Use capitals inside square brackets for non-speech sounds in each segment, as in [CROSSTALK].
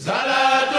salaatu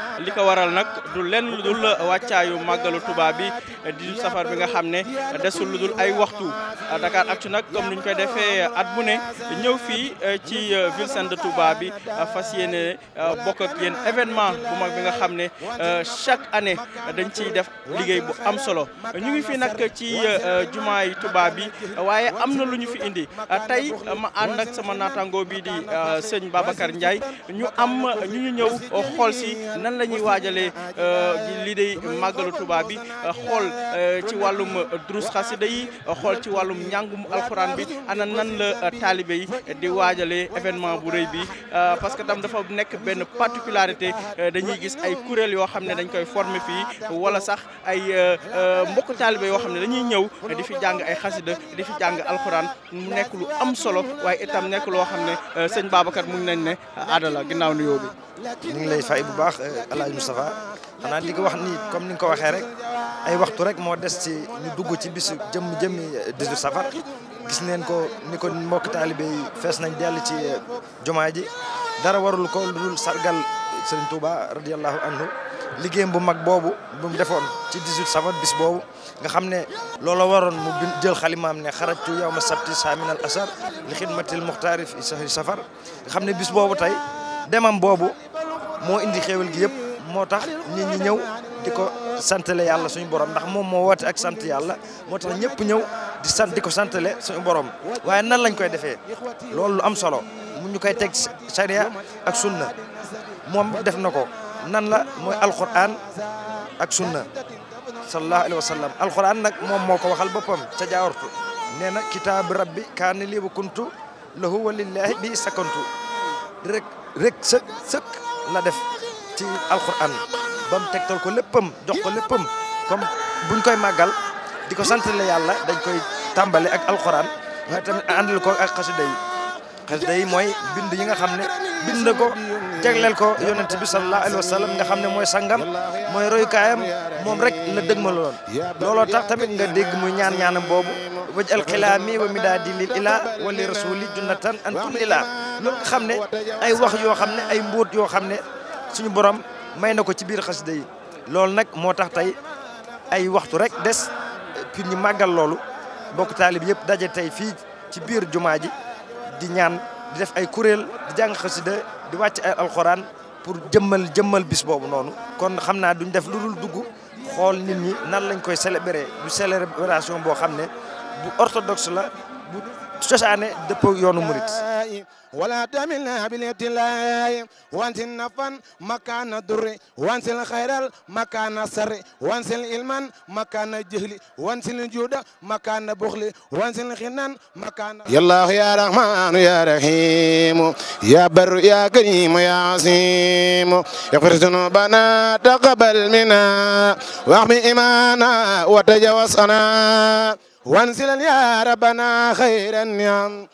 li ko waral nag du len luddul dul magalu tuba bi di safar bi nga xamne dessul luddul ay waxtu actu nak comme ni koy defé at bu ne ñew fi eh, ci eh, ville sainte tuba bi eh, fasiyene bok ak yeen événement bu mag bi nga xamne chaque année dañ ci def liggéey bu am solo ñu ngi fi nak ci jumaa yi Touba bi waye amna luñu fi indi tay ma and ak sama natango bi di seigne Babacar ndjay ñu am ñu ñew xol ci nan lañ ñuy waajalee euh, lii day màggalu Tuubaa bi xool euh, ci wàllum drus xasida xool ci wàllum njàngum alxuraan bi ana nan la taalibe yi di waajalee événement bu rëy bi euh, parce que tam dafa nekk benn particularité dañuy gis ay kuréel yoo xam ne dañ koy former fii wala sax ay mbokk taalibe yoo xam ne dañuy ñëw di fi jàng ay xasida di fi jàng alxuraan mu nekk lu am solo waaye itam nekk loo xam ne sëñ Babacar mu ngi nañ ne aadala ginnaaw nuyoo bi ñu ngi lay fay bu baax Alaaji Moustapha xanaa di ko wax nii comme ni nga ko waxee rek ay waxtu rek moo des ci ñu dugg ci bisu jëm jëmmi 18 safar gis neen ko ni ko mbokki taalibe yi fees nañ dell ci jumaa ji dara warul ko lu dul sargal Sëriñ Touba radiallahu anhu liggéeyam bu mag boobu bu mu defoon ci 18 safar bis boobu nga xam ne loola waroon mu jël xalimaam ne xarajtu yow ma sabti saaminal asar li xidmatil muxtaari fi safar nga xam ne bis boobu tey demam boobu moo indi xéewal gi yëpp moo tax nit ñi ñëw di ko santale yàlla suñu borom ndax moom moo woote ak sant yàlla moo tax ñëpp ñëw di sant di ko santale suñu borom waaye nan lañ koy defee loolu lu am solo mu ñu koy teg sariya ak sunna moom def na ko nan la mooy alquran ak sunna sallallahu alayhi wa sallam alquran nag moom moo ko waxal boppam ca jaawartu nee na kitaabu rabbi kaani lii wa kuntu lahu wa lillahi bi sakantu rek rek sëkk la def ci alquran ba mu tegtal ko léppam jox ko léppam comme buñ koy màggal di ko sant la yàlla dañ koy tàmbale ak alquran waaye tamit àndal ko ak xasida yi xasida yi mooy bind yi nga xam ne bind ko jagleel ko yonent bi sallallahu alayhi wa nga xam ne mooy sangam mooy royukaayam moom rek la dëgmaloon looloo tax tamit nga dégg muy ñaan ñaanam boobu waj alxilaami wa midaadi lil ila wali rasuli junnatan an kullila loolu nga xam ne ay wax yoo xam ne ay mbóot suñu borom may na ko ci biir xasida yi loolu nag moo tax tey ay waxtu rek des pour ñu màggal loolu bokk taalib yëpp daje tey fii ci biir jumaa ji di ñaan di def ay kuréel di jàng xasida di wàcc ay alxuraan pour jëmmal jëmal bis boobu noonu kon xam naa duñ def lu dul dugg xool nit ñi nan lañ koy célébrer du célébration boo xam ne bu orthodoxe la bu cosaane dëppoo yoonu murit wala tamilna biletilay wansil nafan makana durri wansil xayral makana sarri wansil ilman makana jëhli wansil juuda makana buxli wansil xinan makana yallahu ya rahmanu ya rahimu ya barru ya karimu ya asimu ighfir zunubana taqabbal minna wahmi imana wa tajawaz ana وانزل يا ربنا خير النعم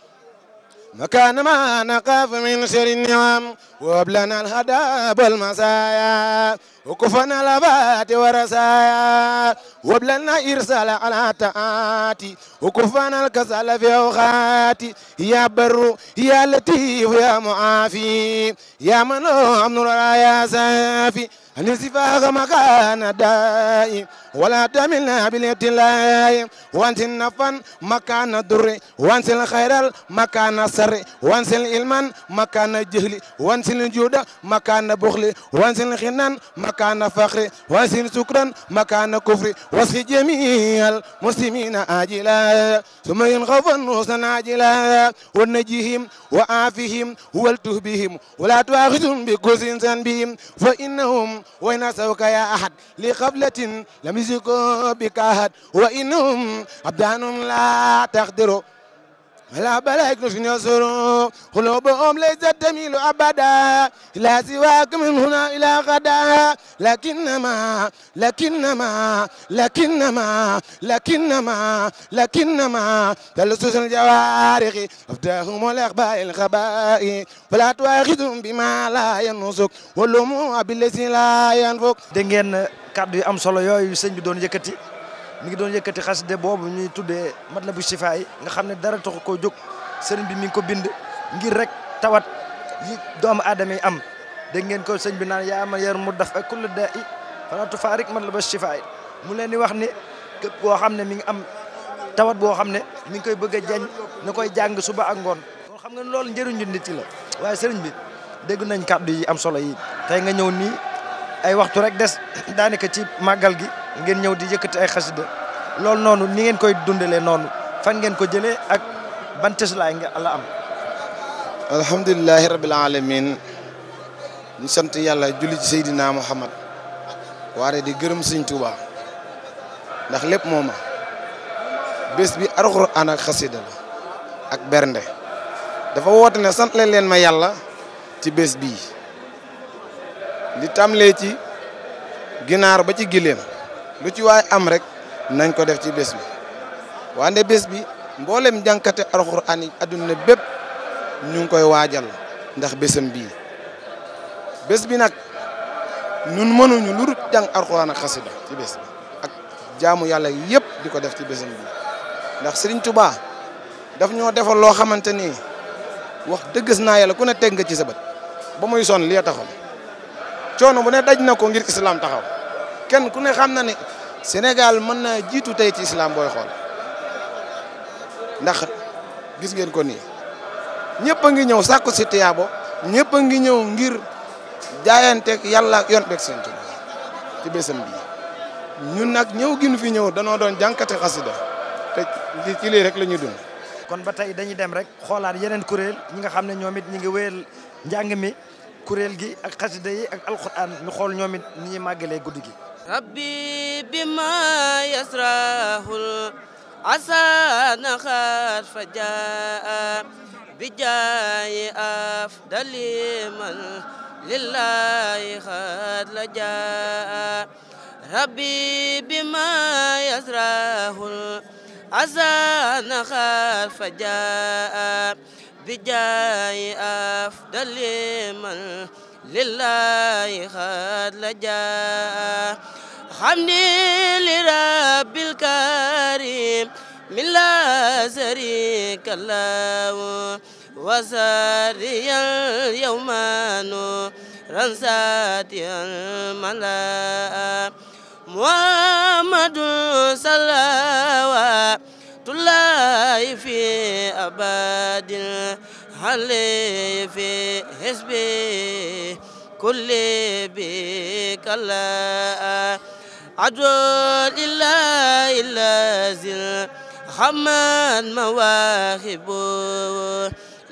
مكان ما نقاف من شر النعم وابلنا الهداب والمسايا وكفنا الابات ورسايا وابلنا ارسال على تاتي وكفنا الكسل في اوقاتي يا بر يا لطيف يا معافي يا منو عمرو يا سافي نزفاغ مكان دائم ولا تملنا بليت الله وانت النفن مكان الدري وانت الخير مكان السر وانت العلم مكان الجهل وانت الجود مكان بخل وانت الخنان مكان فخر وانت سكرا مكان كفر وانت جميع المسلمين آجلا ثم ينغف النوس عاجلا ونجيهم وعافهم والتوه بهم ولا تؤاخذهم بكل ذنبهم فإنهم وإن سوك يا أحد لقبلة لم امسكوا بكاهات وانهم ابدانهم لا تقدروا لا بلاك يزوروا قلوبهم ليست تميل أبدا لا سواك من هنا إلى غدا لكنما لكنما لكنما لكنما لكنما تلصص الجوارح أفداهم الأخباء الخباء فلا تواخذهم بما لا ينسك ولهم بالذي لا ينفك. dégg ngeen kàddu صلو يوي سنجدون يكتي mi ngi doon yëkëti xasside boobu ñuy tuddee matlabu sifaay nga xam ne dara taxu ko jóg sëriñ bi mi ngi ko bind ngir rek tawat yi doomu aadama am dégg ngeen ko sëñ bi naan yaa ma yar mu daf kul daa i fala tufaarik matlabu sifaay mu leen di wax ni képp koo xam mi ngi am tawat boo xam ne mi ngi koy bëgg a jañ na koy jàng suba ak ngoon kon xam nga loolu njëriñu nit ci la waaye sëriñ bi dégg nañ kàddu yi am solo yi tey nga ñëw nii ay waxtu rek des [COUGHS] daanaka ci màggal gi ngeen ñëw di yëkkati ay xasida loolu noonu ni ngeen koy dundalee noonu fan ngeen ko jëlee ak ban tëslaay nga la am alhamdulilahi rabbil alamin ñu sant yàlla julli ci Seydina Muhammad waare di gërëm Sëñ Tuuba ndax lépp mooma bés bi alxuraan ak xasida la ak bernde dafa woote ne sant leen ma yàlla ci bés bii li tàmlee ci ginaar ba ci gileem lu ci waay am rek nañ ko def ci bés bi wande bés bi mboolem jànkate alxuraan yi adduna bépp ñu ngi koy waajal ndax bésam bii bés bi nag ñun mënuñu lu dul jàng alxuraan ak xasida ci bes bi ak jaamu yàlla yëpp di ko def ci bésam bii ndax Sëriñ tubaa daf ñoo defal loo xamante ni wax dëggas naa yàlla ku ne teg nga ci sa bët ba muy sonn li taxoon coono bu ne daj na ko ngir islam taxaw kenn ku ne xam na ne Sénégal mën na jiitu tey ci islam booy xool ndax gis ngeen ko nii ñëpp a ngi ñëw sàkku si tiyaabo ñëpp a ngi ñëw ngir jaayanteeg yàlla ak yoon beeg seen ci bésam ñun nag ñëw gi ñu fi ñëw danoo doon jànkati xasida te ci lii rek la ñuy dund. kon ba tey dañuy dem rek xoolaat yeneen kuréel ñi nga xam ne ñoom it ñi ngi wéyal njàng mi kuréel gi ak xasida yi ak alxuraan ñu xool ñoom it ni ñuy màggalee guddi gi. ربي بما يسره العصا نخر فجاء بجاي أفضل من لله خد لجاء ربي بما يسره العصا نخر فجاء بجاي أفضل من لله خد لجاء حمدي لرب الكريم من لا زريك الله وسري اليوم نورا ساتيا الملاء محمد صلى الله في أبد علي في حسبي كل بك الله عدوى لله إلا زل حمد مواهب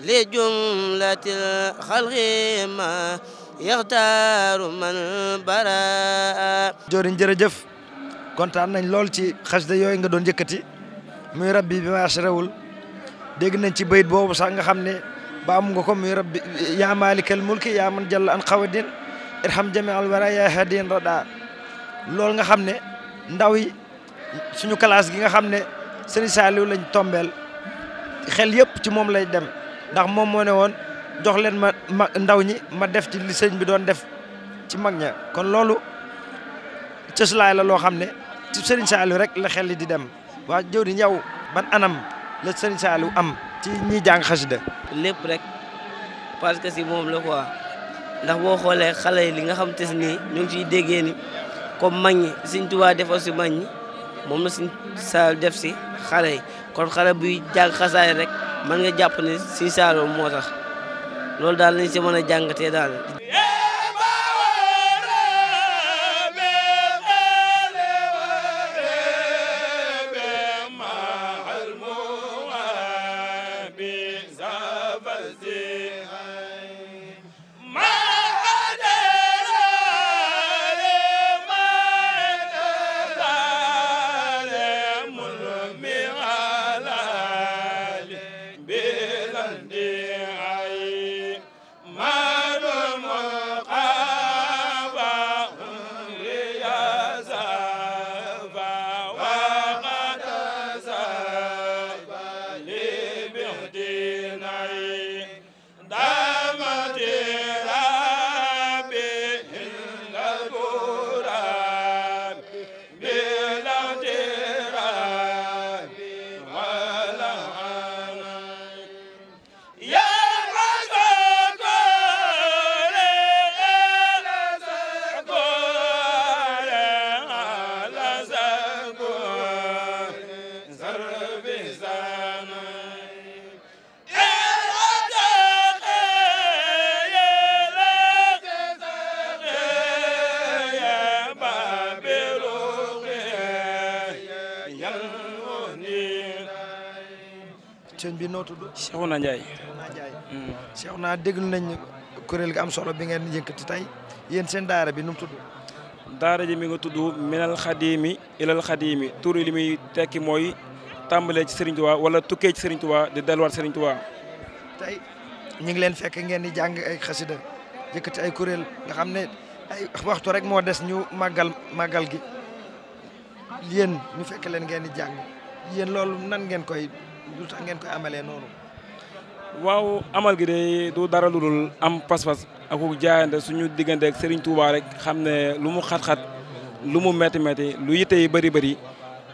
لجملة الخلق ما يختار من براء joriñ jërëjëf kontaan nañ lool ci xasida yooyu nga doon yëkkati muy rabbi bi ma ashrewul dégg nañ ci bayit boobu sax nga xam ne ba am nga ko muy rabbi yaa maalikal mulki yaa man jalla an xawadin irham jami al wara yaa hadin rada loolu nga xam ne ndaw yi suñu classe gi nga xam ne Serigne Saliou lañ tombeel xel yëpp ci moom lay dem ndax moom moo ne woon jox leen ma ma ndaw ñi ma def ci li sëñ bi doon def ci mag ña kon loolu cëslaay la loo xam ne ci Serigne Saliou rek la xel yi di dem waa jëwriñ ñaw ban anam la Serigne Saliou am ci ñiy jàng xasida lépp rek parce si moom la quoi ndax boo xoolee xale li nga xam te ni ñu ngi ciy déggee ni comme mag ñi Sëñ Tuubaa si mag ñi moom la Sëñ Saaliw def si xale yi kon xale buy jàng xasaay rek mën nga jàpp ne Sëñ Saaliw moo tax loolu daal lañ si mën a jàngatee daal sëñ bi noo tudd. njaay Ndiaye. naa mm. dégg nañ kuréel gi am solo bi ngeen yëkkati tey yéen seen daara bi nu mu tudd. daara ji mi nga tudd minal xadiimi ilal mi tur li muy tekki mooy tàmbalee ci Serigne Touba wala tukkee ci Serigne Touba di delluwaat Serigne Touba. tey ñu ngi leen fekk ngeen di jàng ay xasida yëkkati ay kuréel nga xam ne ay waxtu rek moo des ñu màggal màggal gi yéen ñu fekk leen ngeen di jàng yéen loolu nan ngeen koy. ngeen koy amalee noonu. waaw amal gi de du dara lu dul am pas-pas ak jaayante suñu diggante ak Serigne Touba rek xam ne lu mu xat-xat lu mu métti métti lu yitte yi bëri bëri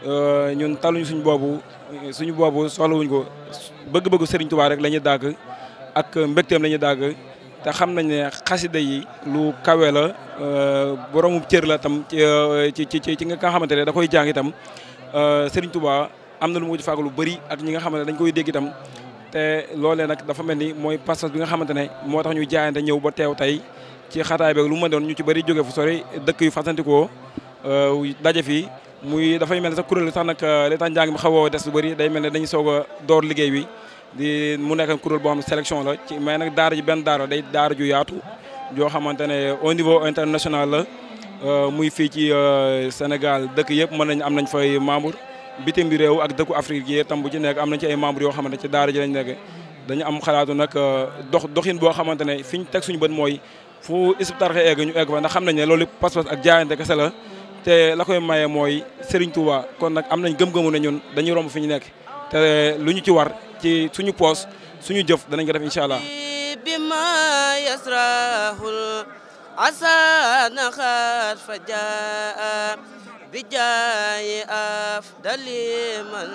euh, ñun taluñ suñu boobu suñu boobu soxlawuñ ko bëgg-bëggu Serigne Touba rek lañuy ñuy ak mbégteem la ñuy te xam nañ ne xasida yi lu kawe la euh, boroomu cër la tam euh, ci ci ci nga xamante ne da koy jàng itam Serigne Touba. am na lu mu ci lu bëri ak ñi nga xamante ne dañ koy dégg itam te loolee nag dafa mel ni mooy passage bi nga xamante ne moo tax ñu jaayante ñëw ba teew tey ci xataay beeg lu mu doon ñu ci bëri jóge fu sori dëkk yu fasantikoo euh, daje fii muy dafay mel ne kuréel sax nag euh, li tax xaw a des lu bëri day mel ne dañu soog a door liggéey bi mu nekk kuréel boo xam ne la ci mais nag daara ji benn daara day daara ju yaatu joo xamante ne au niveau international la euh, muy fii ci Sénégal dëkk yëpp mën nañ am nañ fay membre bitim bi réew ak dëkku Afrique yi tam bu ci nekk am nañ ci ay membres yoo xamante ci daara ji lañ nekk dañu am xalaatu nag euh, dox doxin boo xamante ne fi ñu teg suñu bët mooy fu Hizbut Tarqiyyah egg ñu egg fa ndax xam nañ ne loolu pas-pas ak jaayante kese la te la koy maye mooy Serigne Touba kon nag am nañ gëm-gëmu na ñun dañuy romb fi ñu nekk te lu ñu ci war ci suñu poos suñu jëf danañ ko def incha allah. بما يسراه العسى نخار فجاء bijaayi afdali man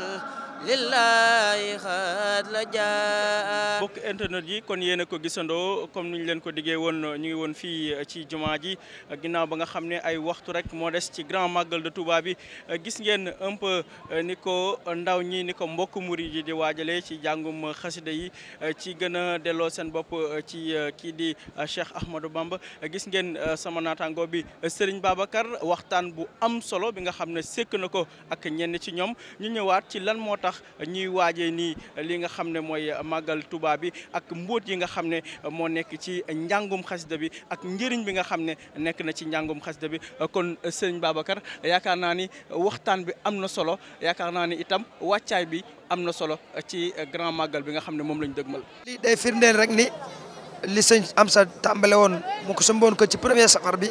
lillahi xaat la jaa bokk internet yi kon yéen a ko gisandoo comme ni ñu leen ko diggee woon ñu ngi woon fii uh, ci jumaa ji uh, ginnaaw ba nga xam ne ay waxtu rek moo des ci grand magal de tubaab yi uh, gis ngeen un ni ko ndaw ñi ni ko mbokk murid yi di waajalee ci jàngum xasida yi ci gën a delloo seen bopp ci kii di Cheikh Ahmadou gis ngeen sama naataango bi sëriñ baabakar waxtaan bu am solo bi nga xam ne sekk na ko ak ñenn ci ñoom ñu ñëwaat ci lan moo tax tax ñuy waajee nii li nga xam ne mooy màggal Tuubaa bi ak mbóot yi nga xam ne moo nekk ci njàngum xasida bi ak njëriñ bi nga xam ne nekk na ci njàngum xasida bi kon sëñ baabakar yaakaar naa ni waxtaan bi am na solo yaakaar naa ni itam wàccaay bi am na solo ci grand màggal bi nga xam ne moom lañu dëgmal. lii day firndeel rek ni li sëñ Amsa tàmbale woon mu ko sëmboon ko ci premier safar bi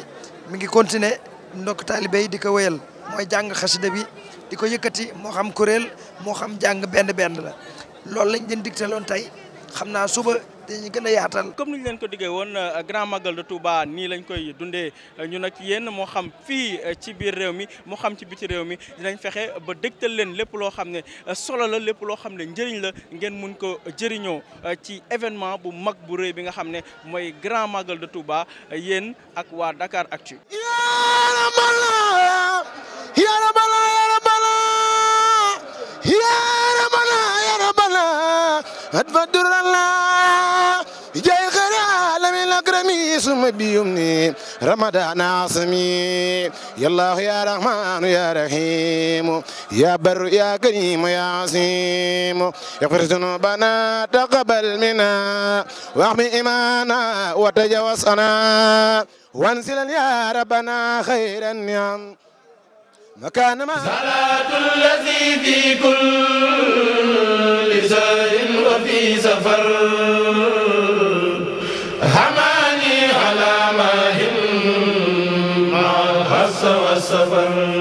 mu ngi continuer ndokk taalibe yi di ko wéyal mooy jàng xasida bi. di ko yëkkati moo xam kuréel moo xam jàng benn benn la loolu lañ leen digtaloon tey xam naa suba dañu gën a yaatal. comme ni ñu leen ko diggee woon euh, grand magal de Touba nii lañ koy dundee euh, ñu nag yéen moo xam fii euh, ci biir réew mi moo xam ci biti réew mi dinañ fexe ba dégtal leen lépp loo xam ne solo la lépp loo xam ne njëriñ la ngeen mun ko jëriñoo ci événement bu mag bu rëy bi nga xam ne mooy grand magal de Touba yéen ak waa Dakar Actu. duralla jay xëri alamin akrami suma biyum ni ramadan asmi yallahu ya rahmanu ya rahimu ya barru ya karimu ya asimu ighfir zunubana taqabbal minna wahmi imana wa tajawaz ana wanzil ya rabbana khairan ni'am مكان ما صلاة الذي في كل زار وفي سفر حماني على ما هم مع الحس والسفر